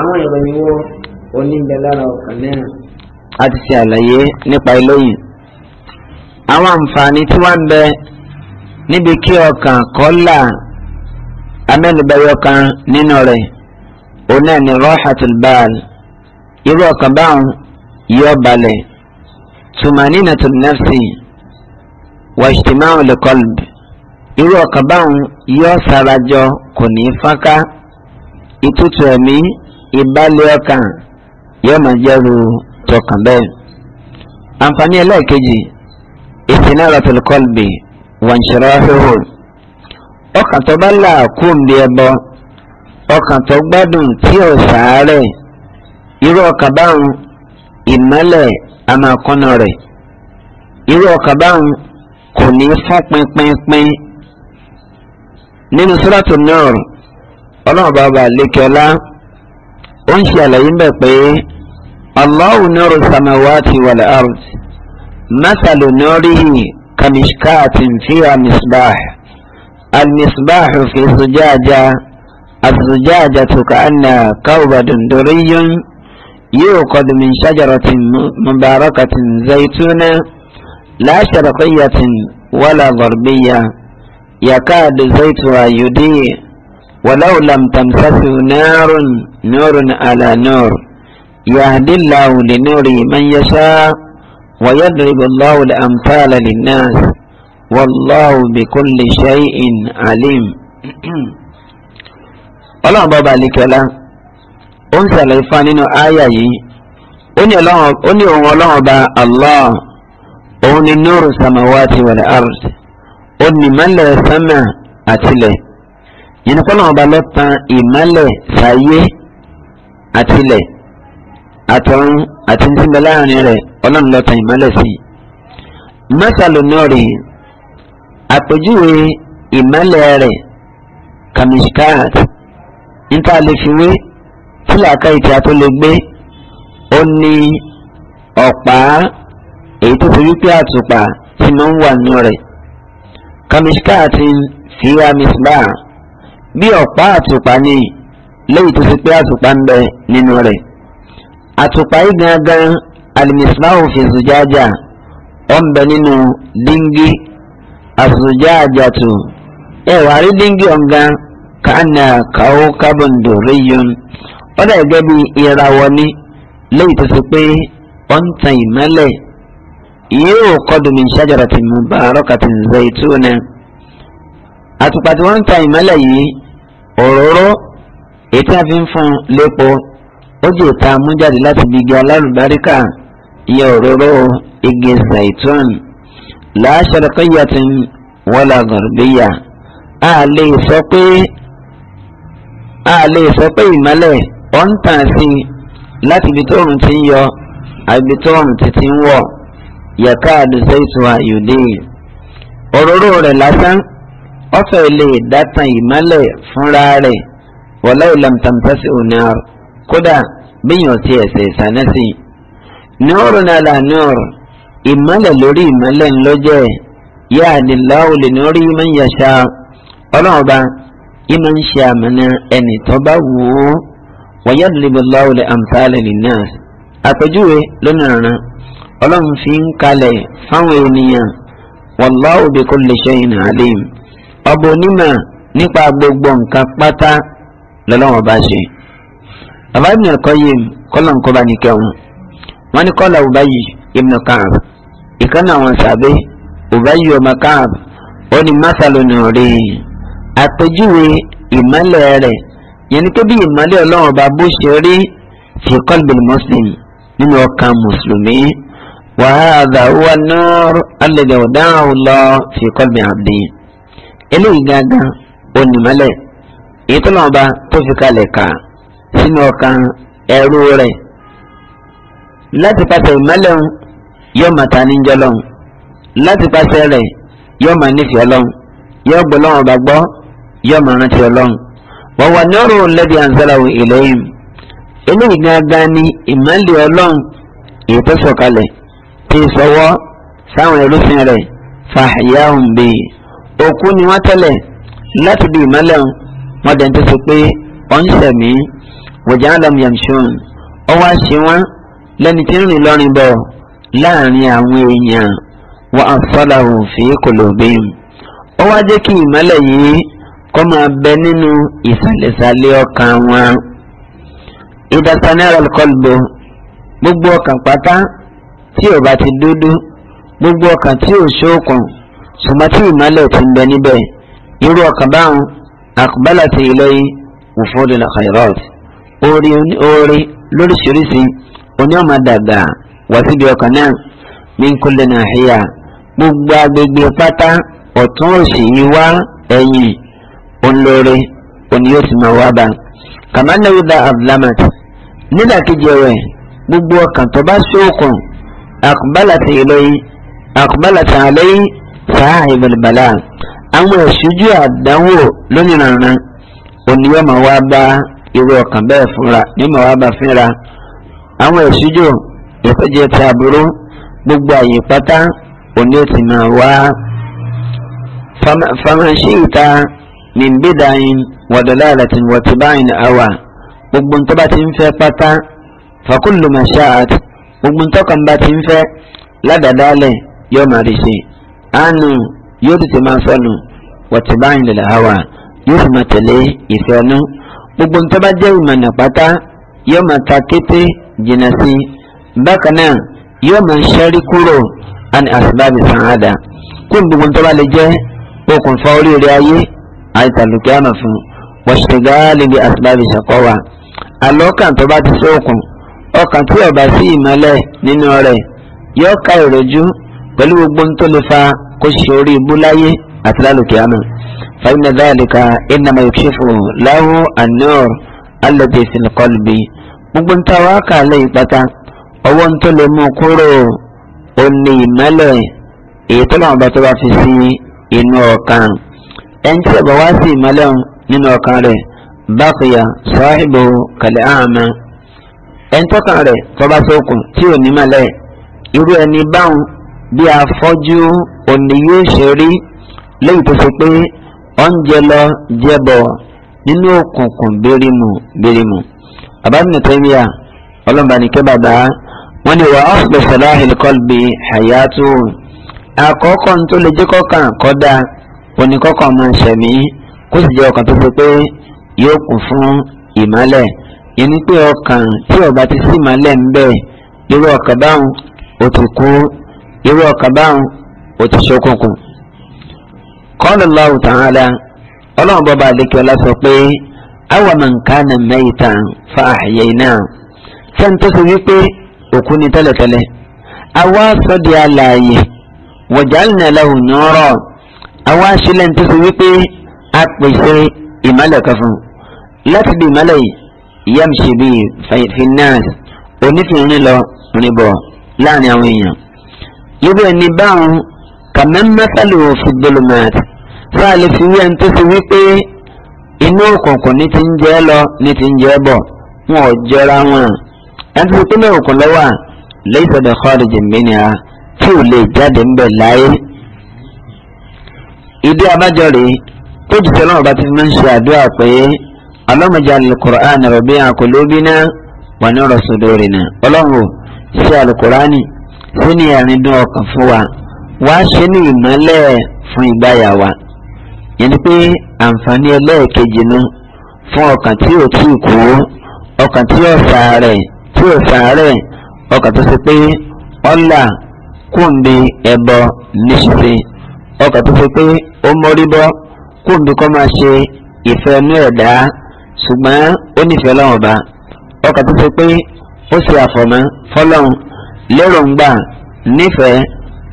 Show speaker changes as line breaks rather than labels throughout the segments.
àwọn ìròyìn wo oníbẹ̀ lára ọkàn náà. a ti ṣe àlàyé nípa eléyìí àwọn àǹfààní tí wọ́n ń bẹ níbi kí ọkàn kọ́là amẹ́nubẹ̀yọ kan nínú rẹ̀ òun náà ni rọ́hàtul bal irú ọkàn báwọn yọ balẹ̀ tumaninatul nafsi wàṣìmáwò lẹ́kọ́lùbì irú ọkàn báwọn yọ sarajọ kò ní fáká ìtútù ẹ̀mí ìbálẹ̀ ọkàn yóò máa jẹ́rù tọkàn bẹ́ẹ̀. àǹfààní ẹlẹ́ẹ̀kejì istinaratul qalbi wa inshirahuhu ọkàn tó bá là kú ń bí ẹbọ ọkàn tó gbádùn tí ò sàárẹ̀ irú ọkàn báwọn ìmọ́lẹ̀ àmàkọ́nà rẹ̀ irú ọkàn báwọn kò ní fọ́ pínpínpín nínú Suratul Nur ọlọ́run bàbá lẹ́kẹ́ọ́lá. انشي ń ṣe àlàyé ń bẹ̀ pé Allahu nuru samawati wal ard masalu nurihi kamishkatin misbah المصباح في زجاجة الزجاجة كأنها كوب دري يوقد من شجرة مباركة زيتونة لا شرقية ولا غربية يكاد زيتها يديء ولو لم تمسسه نار نور على نور يهدي الله لنوره من يشاء ويضرب الله الأمثال للناس والله بكل شيء عليم ọlọ́run bọ́ba àlekẹ́lá ó ń ṣàlàyé fún wa nínú àyà yìí ó ní òun ọlọ́run ọba allah òun ni nuru samawati wal ard ó ní mọ́lẹ̀ sánmà àtilẹ̀ yìí kọ́ náà ọba ló tan ìmọ́lẹ̀ sáyé àtìlẹ̀ àtọ̀run àti ntìmẹ̀ láàrin rẹ̀ ọlọ́run ló tan ìmọ́lẹ̀ sí i. mẹ́sàlù náà rè àpèjúwe ìmọ́lẹ̀ rẹ̀ kamishkat níta lè fiwé tílàkà ìtì àtó lè gbé ó ní ọ̀pá èyí tó fi wípé àtùpà tí mo ń wà nù rẹ̀ kamishkat fi wá misbah bí ọ̀pá àtùpà ni lẹ́yìn tó ti pé àtùpà ń bẹ nínú rẹ̀ àtùpà yìí gangan alimisirawo fi zujaja ó ń bẹ nínú díngí azujajatu ẹ wà rí díngí ọ̀gán kàánà kàó kábọ̀ǹdò ríyun ó dà gẹ́gẹ́ bí ìràwọ̀ ni lẹ́yìn tó ti pé ó ń tan ìmọ́lẹ̀ yóò kọ́dù min shajaratin mubarakatin zaituna àtùpà tí wọ́n ń tan ìmọ́lẹ̀ yìí òróró ètí a fi ń fún un lépo ó jẹ́ ìta amújáde láti bí igi alárùbáríkà iye òróró igi zaitun láṣẹrẹkọyàtìn wọlá gọrùbíyà a lè sọ pé a lè sọ pé ìmọ́lẹ̀ ọ̀ ń tàn sí láti ibi tóòrùn ti ń yọ àbí tóòrùn ti ti ń wọ̀ yàká àdùsẹ́ ìtura yòdì òróró rẹ̀ lásán ọfẹ lè dátàn ìmálẹ fúnra rẹ̀ wọlé ìlàmtàmtàsí onáàrù kódà bíyàn ti ẹsẹ ìsànẹsì nọọrù nàlà nọọrù ìmálẹ lórí ìmálẹ ńlọjẹ yá àdìláwò lè nọrí máa ń yàṣà Ọlọ́run ọba yìí máa ń ṣe àmàna ẹnì tó bá wù ú wọ̀nyá dùnìbọ̀láwò lè àmtàlẹ̀ nìyà àpèjúwe lónà Ọlọ́run fi ń kalẹ̀ fáwọn ènìyàn wallahu bi kulli shay'in alim ọba onímọ̀ nípa gbogbo nǹkan pátá lọ́lọ́wọ́n bá ṣe. bàbá ibn al-Qayyim kọ́lọ̀ ń kọ́ba nìkẹ́wọ̀n wọ́n ní kọ́lọ̀ Ubayy ibn Ka'b ìkànnì àwọn sàbẹ̀ Ubayy ọmọ Ka'b ó ní masalonu rí àpèjúwe ìmọ̀lẹ̀ rẹ̀ yẹn ni pé bí ìmọ̀lẹ̀ ọlọ́wọ́n bá bó ṣe rí fi qalbil muslim nínú ọkàn mùsùlùmí wa hadha huwa an-nur alladhi wada'ahu Allah fi qalbi abdi eléyìí gángan onímọ̀lẹ̀ èyí tó lọ́wọ́ bá tó fi kalẹ̀ kà sínú ọkàn ẹrú rẹ̀ láti pàṣẹ ìmọ̀lẹ̀ yóò máa ta níjọ́ lọ́hùn láti pàṣẹ rẹ̀ yóò máa nífẹ̀ẹ́ ọlọ́hùn yóò gbọ́ lọ́wọ́ bá gbọ́ yóò máa rántí ọlọ́hùn wọ́n wà ní lẹ́bi àǹsálàwò ìlẹ́yìn eléyìí gángan ni ìmọ̀lẹ̀ ọlọ́hùn èyí tí ì sáwọn ẹrúfin rẹ̀ fàáyáhùn bíi òkú ni wọ́n tẹ́lẹ̀ láti bí ìmọ́lẹ̀ wọn dẹ̀ ń tó so pé ọ̀n sẹ̀mí wòjá àlọ́mù yamshun ọ wá ṣe wọ́n lẹ́ni tí ń rìn lọ́rin bọ̀ láàrin àwọn èèyàn wa asọ́làwò fi qulubihim ọ wá jẹ́ kí ìmọ́lẹ̀ yìí kọ́ máa bẹ nínú ìsàlẹ̀sàlẹ̀ ọkàn wọn. ìdásánẹ́rọ̀ kọlbọ gbogbo ọkàn pátá tí ò bá ti dúdú gbogbo ọkàn tí ò ṣókùn ṣùgbọ́n tí ìmọ̀lẹ̀ ti ń bẹ níbẹ̀ irú ọkàn báwọn àkùbálà ti ilẹ̀ òfòdù la khairat orí orí lóríṣiríṣi oní ọmọ dàgbà wá síbi ọkàn náà min kulli nahiya gbogbo agbègbè pátá ọ̀tún òsì yìí wá ẹ̀yìn olóore òní yóò sì máa wá bá kàmáńdà yóò dá abdulhamad nídàkejì ẹ̀wẹ̀ gbogbo ọkàn tó bá ṣókùn àkùbálà ti ilẹ̀ àkùbálà ti àlẹ́ sahib al-bala awon esuju adanwo loninana oni yoo ma wa ba iru ọkan bẹẹ ma wa ba finra awon esuju ipeje ti aburu gbogbo aye pata oni o ti ma wa famanse ita min bidain wadalalatin watibain awa gbogbo ntaba ti n fẹ pata fakulu mashaat gbogbo ntọkan ba ti nfe fẹ ladadalẹ yoo ma risi. àánú yóò tètè máa sọnù wọ̀tíbá ìlẹ̀lẹ̀ àwà yóò sì máa tẹ̀lé ìfẹ́ ọ̀nà gbogbo nǹkan bá jẹ́ ìmọ̀nà pátá yóò máa ta kété jìnnà sí i bákan náà yóò máa ṣẹ́rí kúrò àni àsìbáàbì sànádà kó gbogbo nǹkan bá lè jẹ́ okùnfà oríire ayé àìtàlùkẹ́ àmà fún wọ́ṣẹ̀gáàlìgbé àsìbáàbì ṣàkọ́wà àlọ́kàn tó bá ti sókun ọkàn tí ọba sí ìmọ́lẹ̀ nínú rẹ̀ yóò ká ìròjú pẹ̀lú gbogbo nǹkan tó lè fa kó ṣe orí ibú láyé àti lálùkì àmà fàyínà dáàlìkà ìnàmà ìkṣẹ́fù láwù àníọ̀r alẹ́bẹ̀ẹ́sì nìkọlùbí gbogbo ń ta wákà lẹ́ ìpàtà ọwọ́ ń tó lè mú kúrò òní ìmẹ́lẹ̀ èyí tó làwọn bá tó bá fi sí inú ọkàn ẹni tí ọba wá sí ìmẹ́lẹ̀ nínú ọkàn rẹ̀ bákìyà sọ́ọ́hìbò kàlẹ́ àmà ẹni tọ́kàn rẹ̀ tọ́ba sókun tí ò ní mẹ́lẹ̀ irú ẹni báwọn bí afọ́jú òní yóò ṣe rí lẹ́yìn tó ṣe pé oúnjẹ lọ jẹ́bọ̀ nínú òkùnkùn bírímù bírímù àbámínú tẹ́míà ọlọ́mbanìkẹ́ bàbá wọ́n ní wà ọ́sùlù sọláhìn kọ́lbì hayatu àkọ́kọ́ tó lè jẹ́ kọ́kàn kọ́dà oníkọ́kàn máa ṣẹ̀mí kó sì jẹ́ ọkàn tó ṣe pé yóò kún fún ìmọ́lẹ̀ yẹn pé ọkàn tí ọba ti sí ìmọ́lẹ̀ ń bẹ irú ọkàn báwọn ó kú irú ọkàn báwọn ó ti ṣókùnkùn. qala Allahu ta'ala ọlọ́run bọ́ba àdékẹ́lá sọ pé awa man kana maytan fa ahyayna fẹ́ni tó ṣe wípé òkú ni tẹ́lẹ̀tẹ́lẹ̀ àwa sọ di alààyè wa ja'alna lahu nura àwa ṣílẹ̀ tó ṣe wípé a pèsè ìmọ̀lẹ̀ kan fún láti bí ìmọ̀lẹ̀ yìí yamshi bí finnas onífìrin lọ rìnbọ̀ láàrin àwọn èèyàn. irú ẹni báwọn kàmẹ́n mẹ́fẹ́lì òfìdólùmẹ́t fáàlì fi wí ẹni tó ti wí pé inú òkùnkùn ní ti ń jẹ́ lọ ní ti ń jẹ́ bọ̀ wọn ò jọra wọn ẹni tó ti pínlẹ̀ òkùn lọ́wọ́ lẹ́yìn sọ̀dọ̀ kọ́ọ̀dù jìmbínìá tí ò lè jáde ń bẹ̀ láyé. ìdí abájọ rèé tó jùlọ náà bá ti máa ń ṣe àdúrà pé ọlọ́mọdé alukur'an rọ̀bí àkọlóbínà wà ní rọ̀sọ̀dọ̀rìnà ọlọ́run ṣe alukur'ani sínú ìyàrin dún ọkàn fún wa wàá ṣe ní ìmọ́lẹ̀ fún ìgbáyà wa yẹn ni pé àǹfààní ẹlẹ́ẹ̀kejì nu fún ọkàn tí ò tí ì kú ọkàn tí ò ṣàárẹ̀ tí ò ṣàárẹ̀ ọkàn tó ṣe pé ọ̀là kùnbi ẹ̀bọ níṣìṣe ọkàn tó ṣe pé ó mórí kùnbi kọ́ máa ṣe ìfẹ́ inú ẹ̀dá ṣùgbọ́n ó nífẹ̀ẹ́ lọ́wọ́ bá ọkàn tó ṣe pé ó ṣe àfọ̀mọ́ fọlọ́run léròǹgbà nífẹ̀ẹ́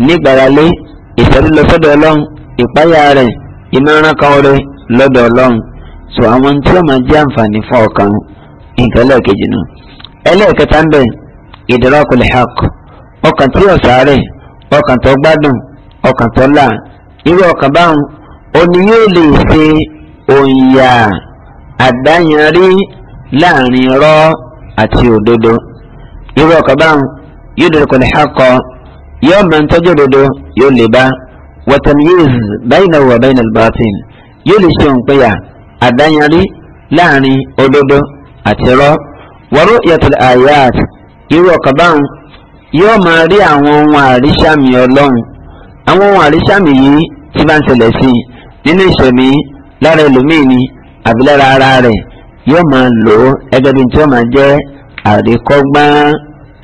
nígbàralé ìfẹ́rú lọ́sọ́dọ̀ ọlọ́run ìpáyà rẹ̀ ìmọ̀ràn kan rẹ̀ lọ́dọ̀ ọlọ́run so àwọn tí wọ́n máa jẹ́ àǹfààní fún ọkàn nǹkan lẹ́ẹ̀kejì nù. ẹlẹ́ẹ̀kẹta ń bẹ̀ ìdọ́rọ́kùn lẹ́hàk ọkàn tí yóò sáré ọkàn tó gbádùn ọkàn tó là irú ọkàn báwọn òní yóò lè ṣe òǹyà àdáyanrí láàrin irọ́ àti òdodo irú ọkàn báwọn yóò dọ̀rọ̀kùn lẹ́hàkọ́ yóò mọ ntọ́jú òdodo yóò lè bá watamyiz baynahu wa bayna al-batil yóò lè ṣe òǹpẹ̀yà àdáyanrí láàrin òdodo àti irọ́ wa ru'yatul ayat irú ọ̀kan báwọn yóò máa rí àwọn ohun àríṣàmì ọlọ́run àwọn ohun àríṣàmì yìí ti bá ń ṣẹlẹ̀ sí i nínú ìṣẹ̀mí lára ẹlòmíì ni àbí lára ara rẹ̀ yóò máa lò ó ẹgbẹ́ bíi tí ó máa jẹ́ àríkọ́gbọ́n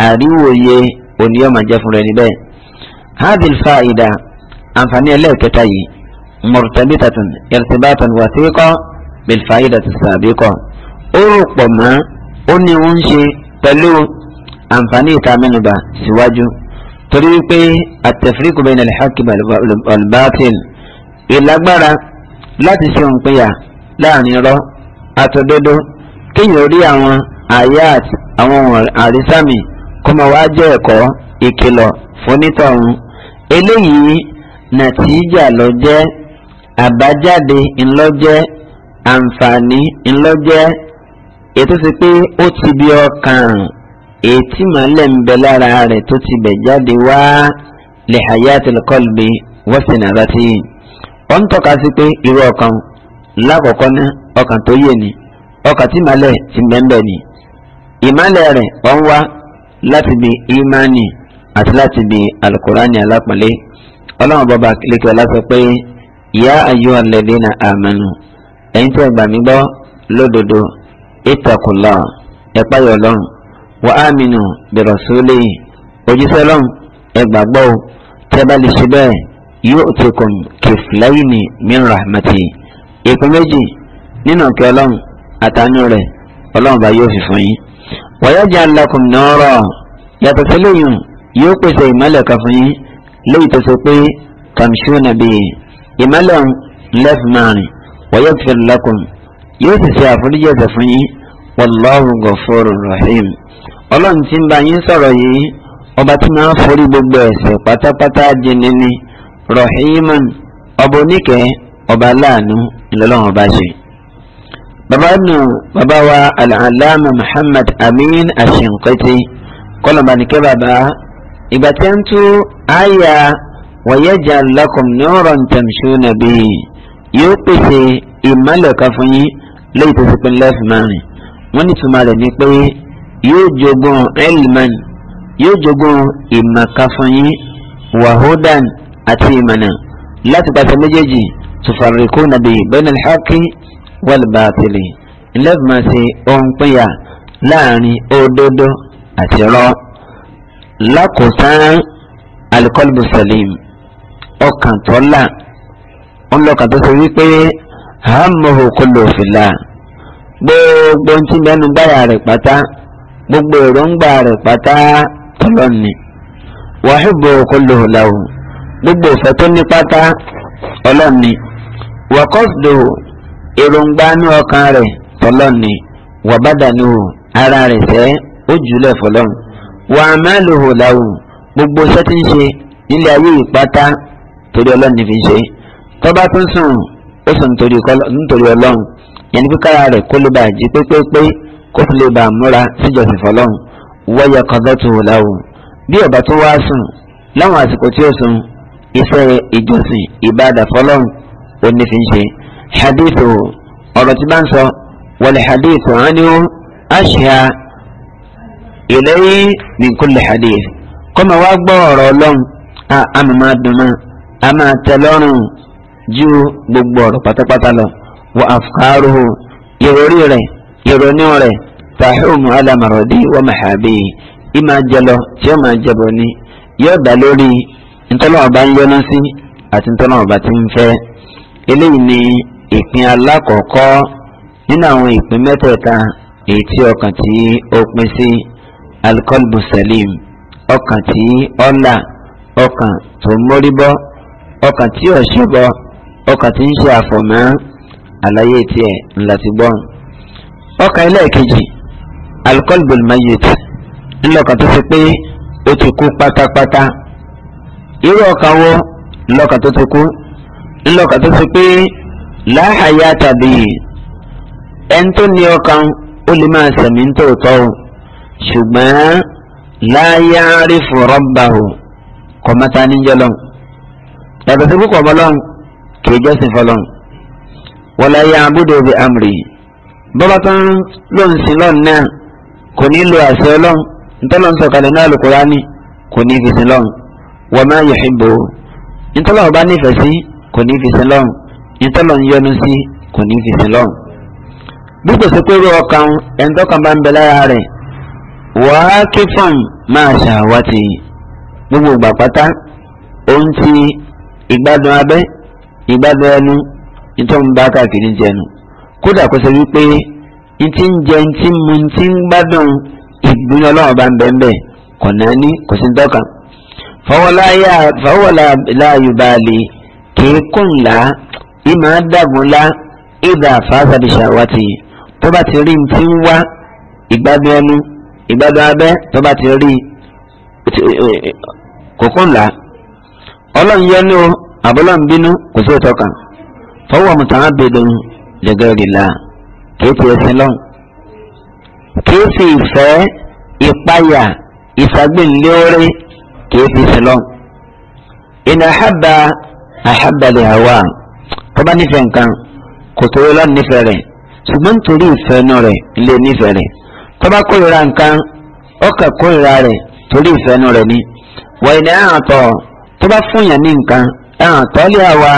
àríwòye òní yóò máa jẹ́ fúnra ẹni bẹ́ẹ̀ hadhihi alfa'ida àǹfààní ẹlẹ́ẹ̀kẹta yìí murtabitatun irtibatan wasiqa bilfa'idati sabiqa ó rò pọ̀ mọ́ ó ní ó ń ṣe pẹ̀lú àǹfààní ìta mẹ́nuba síwájú torí wípé àtẹ̀fíríkù bẹ́ẹ̀ ní alhaki albatil ìlágbára láti ṣe òǹpinya láàrin irọ́ àtòdodo kéèyàn rí àwọn ayat àwọn àrísàmì kó máa wá jẹ́ ẹ̀kọ́ ìkìlọ̀ fún onítọ̀hún eléyìí nàtíjà ló jẹ́ àbájáde ńlọ́jẹ́ àǹfààní ńlọ́jẹ́ ètò sí pé ó ti bí ọkàn ètí màálẹ̀ ń bẹ lára rẹ̀ tó ti bẹ̀ jáde wá lè hayatil qalbi wọ́sìn àdátì ó ń tọ́ka sí pé irú ọkàn lákọ̀ọ́kọ́ ná ọkàn tó yé ni ọkàn tí màálẹ̀ ti bẹ́ẹ̀ bẹ́ẹ̀ ni ìmàálẹ̀ rẹ̀ ọ̀ ń wá láti bí ìmánì àti láti bi alukurani alápọ̀nlé ọlọ́run bàbá kílíkì ọlá sọ pé ya ayyuhal ladina amanu ẹ̀yin tí ẹ gbà mí gbọ́ lódodo ìtàkùlọ̀ ẹ̀páyọ̀ ọlọ́run wa aminu bi rasuli òjíṣẹ́ ọlọ́run ẹ gbàgbọ́ o tẹ́ bá lè ṣe bẹ́ẹ̀ yu'tikum kiflayni min rahmati ìpín méjì nínú ọ̀kẹ́ ọlọ́run àtàánú rẹ̀ ọlọ́run bá yóò fi fún yín wa yaj'al lakum nura yàtọ̀ sílẹ̀ yìí yóò pèsè ìmọ́lẹ̀ kan fún yín léyìí tó ṣe pé tàmṣú nàbí ìmọ́lẹ̀ lẹ́fìmárì wọ́yọ̀ fìlọ́kùn yóò sì ṣe àforíjì ẹ̀ṣẹ̀ fún yín wallahu ghafurur rahim ọlọ́run tí ń bá yín sọ̀rọ̀ yìí ọba tí máa ń forí gbogbo ẹ̀ṣẹ̀ pátápátá jinni ni rahiman ọba oníkẹ́ ọba aláàánú ìlọ́lọ́run ọba ṣe. bàbá nù bàbá wa al muhammad amin ashinqiti kọ́lọ̀ bàbá ìgbà tí a ń tú àyà wọ̀yẹ́jà lakum nuran tamshuna bihi yóò pèsè ìmọ̀lẹ̀ kan fún yín lẹ́yìn tó ti pín lẹ́fù márùn wọ́n ní túmọ̀ rẹ̀ ni pé yóò jogún elman yóò jogún ìmọ̀ka fún yín wahudan àti ìmọ̀nà láti pàṣẹ méjèèjì tufarriquna bihi baina al-haqqi wal-batili ńlẹ́fù máa ṣe ohun pínyà láàrin òdodo àti irọ́. lákòótán alikọlùbù salim ọkàn tọ́lá wọn lọ́kàn tó ṣe wípé hàmùhù kọlù òfìlà gbogbo ntí mẹ́nu báyà rẹ̀ pátá gbogbo èròǹgbà rẹ̀ pátá tọ́lọ́ni wàhíbò kọlù òlàwù gbogbo òfẹ́ tó ní pátá ọlọ́ni wàkọ́sùdò èròǹgbà ní ọkàn rẹ̀ tọ́lọ́ni wàbádànù ara rẹ̀ sẹ́ ó jùlẹ̀ wà á má lò hò làwù gbogbo iṣẹ́ tí ń ṣe nílé ayé ìpátá torí ọlọ́run ní fi ṣe tọ́ba tó ń sùn ó sùn nítorí ọlọ́run yẹn ní píkára rẹ̀ kó lè bá jí pépépé kó fi lè bá múra síjọsìn fọlọ́run wọ́yẹ kọ́gọ́ tó hò làwù bí ọba tó wá sùn láwọn àsìkò tí ó sùn iṣẹ́ ìjọsìn ìbádà fọlọ́run ó ní fi ṣe hadithu ọ̀rọ̀ tí bá ń sọ wọlé hadithu ánìwó àṣìá ìlẹ́yìn ní kulli hadith kọ́mọ wá gbọ́ ọ̀rọ̀ ọlọ́run a máa a tẹ ju gbogbo ọ̀rọ̀ pátápátá lọ wọ afkaruhu ìròrí rẹ̀ ìrònú rẹ̀ tahimu alamarodi wa mahabi ìmà jẹlọ tí ó máa jẹbọ ni yóò dá lórí ntọ́lọ́ọ̀bá ń yọnu sí àti ti ń fẹ́ eléyìí ni ìpín alákọ̀ọ́kọ́ nínú àwọn ìpín mẹ́tẹ̀ẹ̀ta èyí tí alikọlbù salim ọkàn tí ọlà ọkàn tó móríbọ ọkàn tí ọṣẹbọ ọkàn tí ń ṣe àfọmọ àlàyé tiẹ̀ ńlá ti gbọ́. ọkàn ẹlẹ́ẹ̀kejì alikọlbù mayit ńlọkàn tó fi pé ó ti kú pátápátá irú ọkàn wo ńlọkàn tó ti kú ńlọkàn tó fi pé láhàyà tàbí ẹni tó ní ọkàn ó lè máa sẹ̀mí ń tòótọ́ o ṣùgbọ́n láyé àrífò rọ́bàhù kọ̀mọ́ta níjọ́ lọ́n yàtọ̀ sí púpọ̀ bọ́lọ́n kì í jọ́sìn fọlọ́n wọlé ayé abúdó bi amri bọ́lá tán ló ń sin lọ́n náà kò ní lo àṣẹ ọlọ́n ntọ́lọ́n sọ̀kalẹ̀ náà lùkùránì kò ní fi sin lọ́n wọ́n máa yọ̀ ìbò ntọ́lọ́n ọba nífẹ̀ẹ́ sí kò ní fi sin lọ́n ntọ́lọ́n yọ́nú sí kò ní fi sin lọ́n bí kò sí pé rú ọkàn ẹ̀ńtọ́kàn bá ń bẹ lára rẹ̀ wàá ké fún máa ṣàwátì gbogbo ìgbà pátá ohun ti ìgbádùn abẹ́ ìgbádùn ẹnu nítorí ń bá káàkiri jẹnu kódà kó ṣe wípé ntí ń jẹ ntí mu ntí ń gbádùn ìgbín ọlọ́run bá ń bẹ́ẹ̀ bẹ́ẹ̀ kò náà ní kò sí dọ́kà fọwọ́lá láàyò báàlì kìí kùn lá ìmọ̀ àdàgùn lá ìdá fàásàbíṣà wá tó bá ti rí ntí ń wá ìgbádùn ẹnu ìgbàgbọ́ abẹ́ tó bá ti rí e, e, kókó ńlá ọlọ́run yẹnu àbọ́lọ́run bínú kò sí ìtọ́ka fọwọ́ mùtàn abẹ́dùn jẹgẹrìlá kìí ti ẹsẹ̀ lọ́n kìí fi ìfẹ́ ìpayà ìfagbínlẹ́ọ̀rẹ́ kìí fi ẹsẹ̀ lọ́n ìnà àhábà àhábàlẹ̀ àwa tó bá nífẹ̀ẹ́ nǹkan kò tó yẹ lọ́n nífẹ̀ẹ́ rẹ̀ ṣùgbọ́n nítorí ìfẹ́ náà rẹ̀ ilé nífẹ̀ẹ́ rẹ̀. tọba kórìíra nǹkan ọkà kórìíra rẹ torí ìfẹ́nu rẹ ni wọ̀nyí ni ẹ̀hàn tọ̀ fún yàn ní nǹkan ẹ̀hàn tọ́ àwa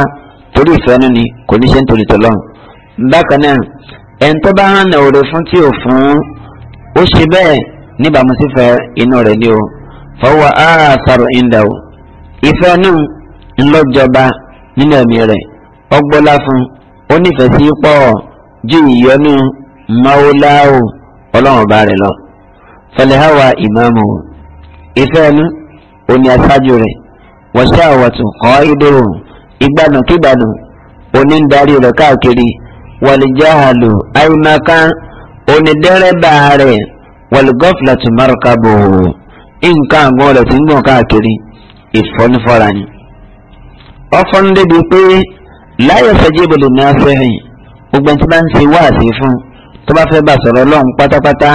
torí ni kò ní ṣe ń torí tọ́lọ́ bákan náà hàn náà òde fún tí ò fún ó ṣe bẹ́ẹ̀ níbàámu inú rẹ̀ ni o fọwọ́ ìndà o ìfẹ́ ńlọ́jọba nínú ẹ̀mí rẹ ọgbọ́lá fún sí pọ̀ ju ìyọnu máwó ọlọ́run bá rẹ̀ lọ. fẹlẹ́háwà ìmáàmù ìfẹ́ ẹnu òní aṣáájú rẹ̀ wọ́ṣẹ́ àwọ̀tún kọ́ ìdòrò ìgbànàkígbànà òní ń darí rẹ̀ káàkiri wàlìjáàlù àyùmáká òní dẹ́rẹ́bà rẹ̀ wàlìgọ́fìlà tún márùkà bò nǹkan àgbọ̀n rẹ̀ ti ń gbọ̀n káàkiri ìfọ́nifọ́ra ni. ọ̀fọ́n pé láyọ̀ sẹ́jẹ́ ìbòlù náà fẹ́ràn gbogbo ẹni tí bá ń ṣe wáàsí fún un tó bá fẹ́ bá sọ̀rọ̀ ọlọ́run pátápátá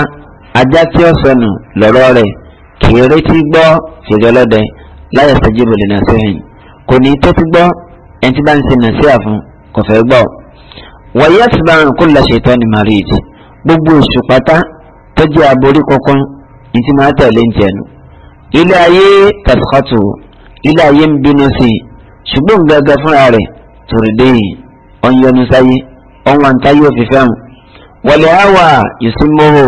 ajá tí ó sọnù lọ́rọ̀ rẹ̀ kì í retí gbọ́ ṣèjọ́ lọ́dẹ láyà sẹ́jìbò lè nà sẹ́yìn kò ní tó ti gbọ́ ẹni tí bá ń ṣe sí àfún kò fẹ́ gbọ́. wàyí àti bá ń kó la ṣètò ni marid gbogbo oṣù pátá tó jẹ́ aborí kankan ní ti máa tẹ̀lé ń tẹ̀nu. ilé ayé tàṣkọ́tù ilé ayé ń bínú sí i ṣùgbọ́n gẹ́gẹ́ fúnra rẹ̀ tòrìdéyìn ọ̀nyọ́nusáyé ọ̀nwàntáyé òfìfẹ́hùn wọlé àwà ìsúnmọ́rò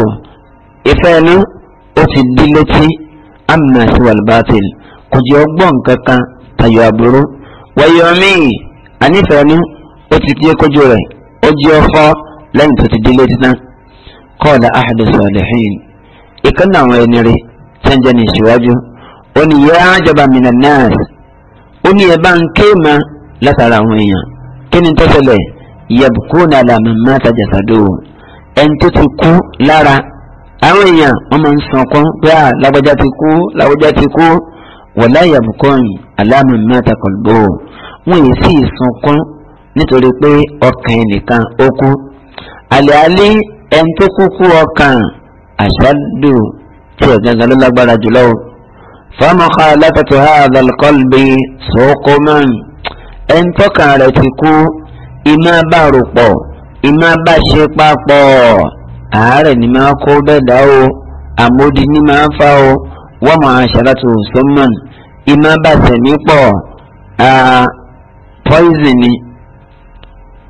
ìfẹ́ ẹnu ó ti dí létí amina sí wàlúbátìl kò jẹ́ ọgbọ́n kankan tayọ àbúrò wọ́yọ̀mí ànífẹ́ ẹnu ó ti kí kójú rẹ̀ ó jẹ́ ọfọ́ lẹ́yìn tó ti dí létí náà kọ́ọ̀dà ahadu sọ̀lẹ̀hìn ìkànnì àwọn ẹni rẹ̀ tẹ́ǹjẹ́ ní ìṣíwájú ó ní yẹ́ àjọba mina náà ó ní ẹ̀ bá ń kéèmà látara àwọn èèyàn kí ni tó ṣẹlẹ̀ yabkuna ala man mata jasaduhu ẹni tó ti kú lára àwọn èèyàn wọn máa ń sàn kán pé à ah, lágbájá ti kú lágbájá ti kú wọlá ìyàbùkọyìn aláàmì mẹ́ta kọlbó wọn yìí sì sàn kán nítorí pé ọkàn ẹnìkan ó kú àlẹ́àlẹ́ ẹni tó kú kú ọkàn àṣàdù tí ọ̀gángan ló lágbára jùlọ o látàtò ha àdàlùkọ́lùbí sọ́kọ́ mọ́rin ẹni rẹ̀ ti kú iná bá rò pọ̀ ìmọ̀ bá ṣe papọ̀ àárẹ̀ ni máa kó dẹ́dá o àmódi ni máa fa o wọ́n máa ṣàlàtò sọ́mọ̀n ìmọ̀ bá sẹ̀mí pọ̀ poison ni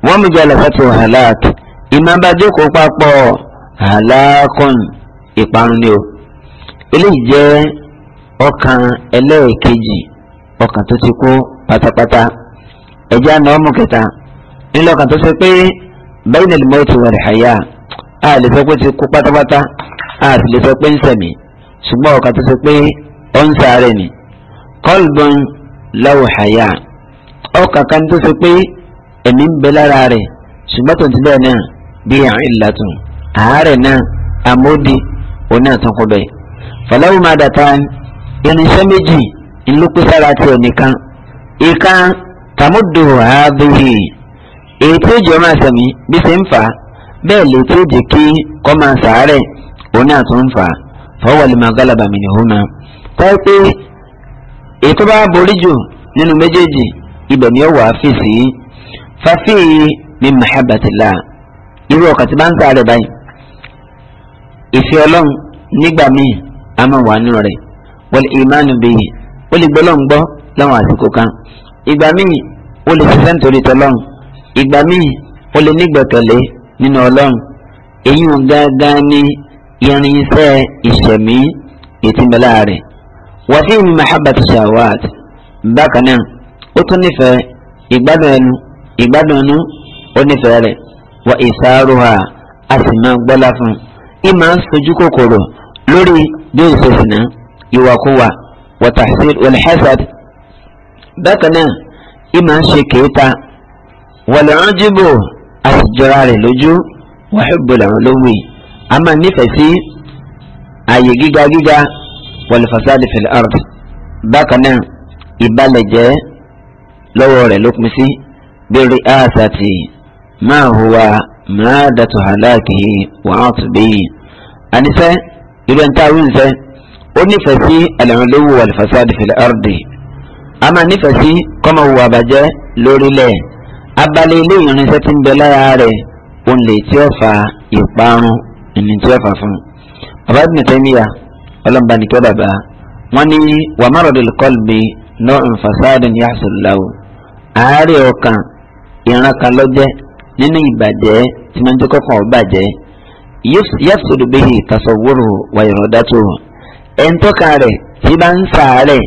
wọ́n mú jẹ́ àlàfàtò halak ìmọ̀ bá jókòó papọ̀ halakun ìparun ni o eléyìí jẹ́ ọkàn ẹlẹ́ẹ̀kejì ọkàn tó ti kú pátápátá ẹ̀jẹ̀ àná ọmọ kẹta ńlọkàn tó ṣe pé bẹ́ẹ̀ni mọ́tò wà ní àyà a lè sọ pé ti kú pátápátá a sì lè sọ pé ń sẹ̀mí ṣùgbọ́n ọ̀ka tó sọ pé ó ń sáré ni kọ́lbọ̀n láwù àyà ọ̀ka kan tó sọ pé ẹ̀mí ń bẹ lára rẹ̀ ṣùgbọ́n tó ti bẹ́ẹ̀ náà bí àwọn ìlàtún àárẹ̀ náà àmódi òun náà bẹ́ẹ̀ fọláwù máa dàtà irinṣẹ́ méjì ńlọpẹ́ sára nìkan ìka tàmúdò ààbò èyí tí ó jẹ́ ọmọ àsẹ̀mí bí ṣe ń fà á bẹ́ẹ̀ lè tí ó jẹ́ kí kọ́ máa sàárẹ̀ òun náà tún ń fà á fọwọ́lì máa gálàbà mi nìhó máa. táyé pé èyí bá borí jù nínú méjèèjì ibẹ̀ ni ó wà á fì sí fàfí mi mahabbatila irú ọkàn tí bá ń sàárẹ̀ báyìí ìfẹ́ ọlọ́run nígbà míì a máa wà nínú rẹ̀ wal ìmánu bíi ó lè gbọ́ lọ́n gbọ́ láwọn àsìkò kan ìgbà míì ó lè ṣiṣẹ́ nítorí tọ́lọ́run ìgbà míì o lè nígbẹ̀kẹ̀lé nínú ọlọ́run èyí ò gángan ní irinṣẹ́ ìṣẹ̀mí ìtìmẹ́lá rẹ̀ wàfí mi mahabbatu shawat bákan náà ó tún nífẹ̀ẹ́ ìgbádùn ẹnu ìgbádùn ẹnu ó nífẹ̀ẹ́ rẹ̀ wà ìsáàrùhà a sì máa gbọ́lá fún un ìmọ̀ sojú kòkòrò lórí bí ó ṣe sìnà ìwàkuwà wàtàṣí wàlẹ́hẹ́sàd bákan náà ìmọ̀ ṣe kéèta wọ̀lẹ́rán jíbò àtijọ́ra rẹ̀ lójú wàhíbùlẹ̀rán lówì a máa nífẹ̀ẹ́ sí ààyè gíga gíga wọ̀lẹ́fàsáàdì fìlẹ̀ ard bákan náà ìbalẹ̀ jẹ́ lọ́wọ́ rẹ̀ ló pin sí bírí àṣàtì máa hùwà máa dàtò hàlákì wàhán tó bẹ́yì. àníṣẹ́ irú ẹni tá ó nífẹ̀ẹ́ sí àlẹ́rán lówù wọ̀lẹ́fàsáàdì fìlẹ̀ ard a máa nífẹ̀ẹ́ sí kọ́mọ hùwà bàjẹ́ lórílẹ̀ abalẹ̀ ilé ìrìnsẹ̀ ti ń bẹ lára rẹ̀ òun lè tí ó fa ìparun ìní tí ó fà fún un. bàbá Ibn Taymiyyah ọlọ́mọba nìkẹ́ bàbá wọn ní wa maradul qalbi naw'un fasadun yahsul lahu àárẹ̀ ọkàn ìran kan lọ́jẹ́ nínú ìbàjẹ́ tí máa ń jẹ́ kọ́kàn ó bàjẹ́ yafsudu bihi tasawwuruhu wa iradatuhu ẹ̀ńtọ́ka rẹ̀ tí bá ń sàárẹ̀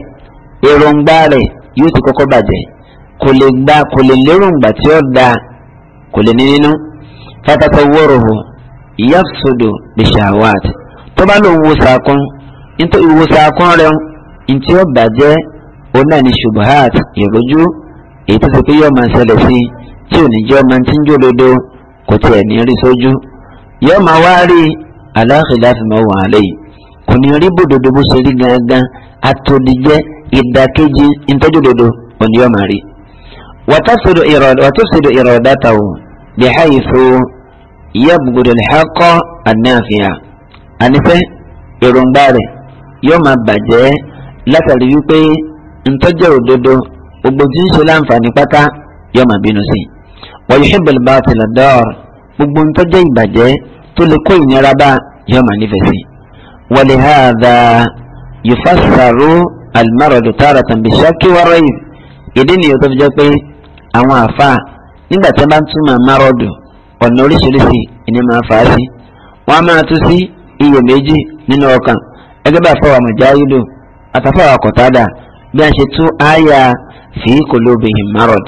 èròǹgbà rẹ̀ yóò ti kọ́kọ́ bàjẹ́ kò lè gba kò lè lérògbà tí ó da kò lè ní nínú fatakọ wọ́rọ̀hù yafsudu bishawat tó bá lò ń wo sàkún nítorí ìwo sàkún rẹ ntí ó bàjẹ́ òun náà ní ṣubuhat ìrújú èyí tó ti pé yóò máa ṣẹlẹ̀ sí tí ò ní jẹ́ ọmọ tí ń jó lodo kò tiẹ̀ ní rí sójú yóò máa wá rí aláàkìlá fi máa wà lẹ́yìn kò ní rí bòdòdó bó ṣe rí gangan atòdìjẹ́ ìdàkejì ntọ́jú lodo òun ni máa rí. وتفسد إرادة وتفسد إرادته بحيث يبغض الحق النافية ànífẹ́ èròǹgbà rẹ̀ yóò máa bàjẹ́ látàrí wípé ntọ́jẹ́ òdodo gbogbo tí ń ṣe láǹfààní pátá yóò máa bínú sí i wa yuhibbul batil ad-dar gbogbo ntọ́jẹ́ ìbàjẹ́ tó lè kó ìnira bá yóò máa nífẹ̀ẹ́ sí i wa li hadha yufassaru al-maradu taratan bi shakki wa rayb ìdí nìyẹn tó fi jẹ́ pé àwọn àfáà nígbà tí wọ́n bá ń túmọ̀ márọ̀dù ọ̀nà oríṣiríṣi ìní máa fà á sí wọ́n á máa tú sí iyèméjì nínú ọkàn ẹgbẹ́ bá fọwọ́ mọ̀jáyídò àtàfọwọ́ kọ̀tádà bí a ṣe tú àyà fi qulubihim marad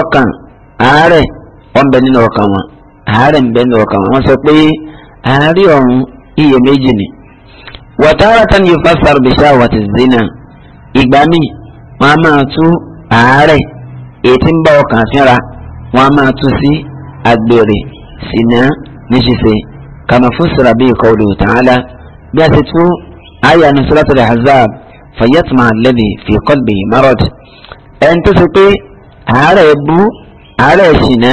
ọkàn àárẹ̀ wọ́n bẹ nínú ọkàn wọn àárẹ̀ ń bẹ nínú ọkàn wọn wọ́n sọ pé àárẹ̀ ọ̀hún iyèméjì ni wa taratan yufassaru bi shahwati zina ìgbà míì wọ́n á máa tú àárẹ̀ èyí tí ń bá ọkàn fínra wọn a máa tú sí agbèrè sínà níṣìṣe kàmá fúsìrà bíi kọ́ọ̀lù tààlà bí a ti tú àyà ní suratul Ahzab fayetma alladhi fi qalbi marad ẹni tó ti pé àárẹ̀ bú àárẹ̀ sínà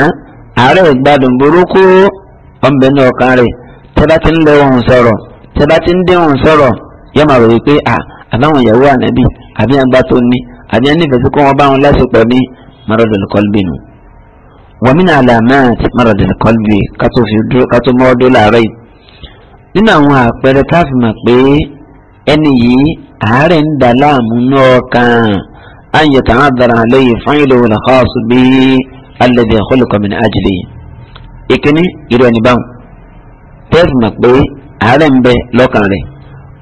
àárẹ̀ gbádùn burúkú ọ̀nbẹ ní ọkàn rẹ̀ tẹ́bá ti ń lọ ohun sọ̀rọ̀ tẹ́bá ti ń dín ohun sọ̀rọ̀ yọ máa rò wípé àbáwọn ìyàwó ànábì àbí àgbà tó ní àbí ẹni ìfẹ̀sí kó wọn bá wọn lásìkò ní maradul qalbi nù wa min alamati maradul qalbi kátó mọ́ọ́dó làárọ̀ yìí nínú àwọn àpẹẹrẹ tá a fi mọ̀ pé ẹni yìí àárẹ̀ ń dà láàmú náà kan an yata'addara alayhi fa'iluhu al-khas bihi alladhi khuliqa min ajlihi ìkíní irú ẹni báwọn tẹ́sí mọ̀ pé àárẹ̀ ń bẹ lọ́kàn rẹ̀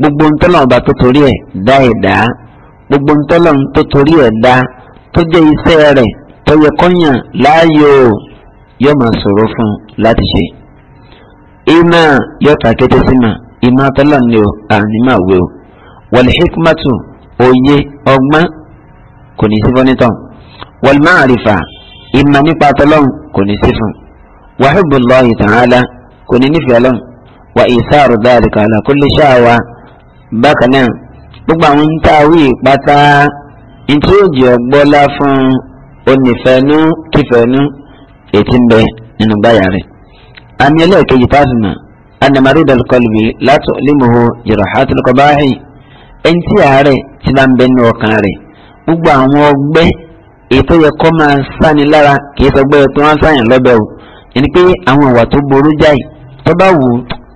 gbogbo ntọ́lọ́ ọba tó torí ẹ̀ dá ẹ̀dá gbogbo ntọ́lọ́ tó torí ẹ̀ dá tó jẹ́ iṣẹ́ rẹ̀ tọ́yẹ kọ́yàn láàyò yóò máa ṣòro fún láti ṣe ìmọ̀ yóò ta kété símà ìmọ̀ àtọ́lọ̀ ni o àrùn máa wé o wàlíhíkmàtù òye ọgbọ́n kò ní sí fọ́nítọ̀ wàlímàárìfà ìmọ̀ nípa àtọ́lọ̀ kò ní sí fún wàhùbùlọ́ọ̀hì tààlà kò ní nífẹ̀ẹ́ lọ́n wà ìsáàrù dáadìkà àlà kó lè ṣáàwá bákan náà gbogbo àwọn ń ta àwí pátá ntí ó ọgbọ́lá fún onífẹ̀ẹ́nú kífẹ̀ẹ́nú ètí nínú gbáyà rẹ̀. àmì ẹlẹ́ẹ̀kejì pàṣẹmà anamaruda kọlùbì látọ̀ limuhu jìrọ̀hátì kọ́báhì ẹni tí àárẹ̀ ti bá ń bẹ nínú ọkàn rẹ̀ gbogbo àwọn ọgbẹ́ ètò yẹ kọ́ máa sáni lára kì í sọgbẹ́ pé sáyàn lọ́bẹ̀ o ẹni pé àwọn ìwà tó burú jáì tó bá wù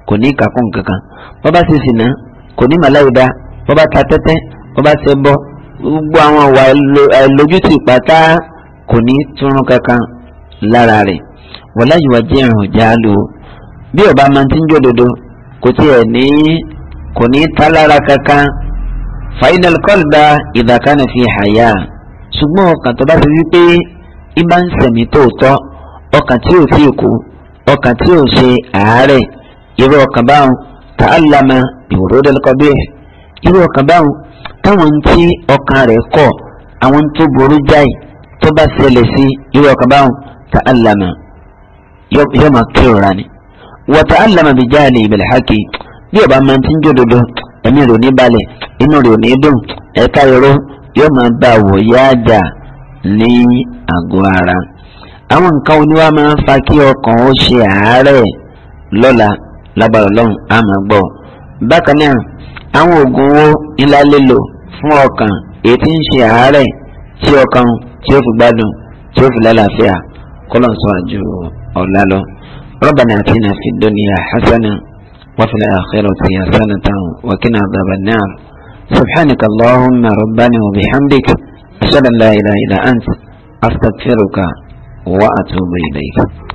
kò ní kàkún kankan wọ́n bá sì sìnà kò ní wọ́n bá ta tẹ́tẹ́ wọ́n kò ní túrún kankan lára rẹ̀ wọlá yìí wá jẹ́ ìrùn jáàlú bí ọba máa ti ń jọ dodo kò tiẹ̀ ní kò ní ta lára kankan final kọlba ìdàkánà fi hàyà ṣùgbọ́n ọkàn tó bá ti wípé ibà ń sẹ̀mí tóòtọ́ ọkàn tí ò tíì kú ọkàn tí ò ṣe àárẹ̀ irú ọkàn báwọn tààlàmà ìwòròdẹ́lẹ́kọ̀bí irú ọkàn báwọn táwọn ń tí ọkàn rẹ̀ kọ̀ àwọn tó burú jáì tó bá ṣẹlẹ̀ sí irú ọkàn báwọn ta alama yóò máa kírora ni wọ́tá alama bí jáàlì ìbẹ̀lẹ̀ hákì bí ọba máa ti ń jó dodo ẹ̀mí rò ní balẹ̀ inú rò ní dùn ẹ̀ka ìró yóò máa bá wò yáàjà ní àgọ́ ara àwọn nǹkan oníwà máa ń fa kí ọkàn ó ṣe àárẹ̀ lọ́la lágbára ọlọ́run á máa gbọ́ bákan náà àwọn oògùn wo ńlá lè fún ọkàn èyí tí ń ṣe àárẹ̀ tí ọkàn tí ó fi لالا tí ó fi lálàáfíà kọ́lọ̀ ń ربنا اتنا في الدنيا حسنه وفي الاخره حسنه وكنا عذاب النار سبحانك اللهم ربنا وبحمدك اشهد ان لا اله الا انت استغفرك واتوب اليك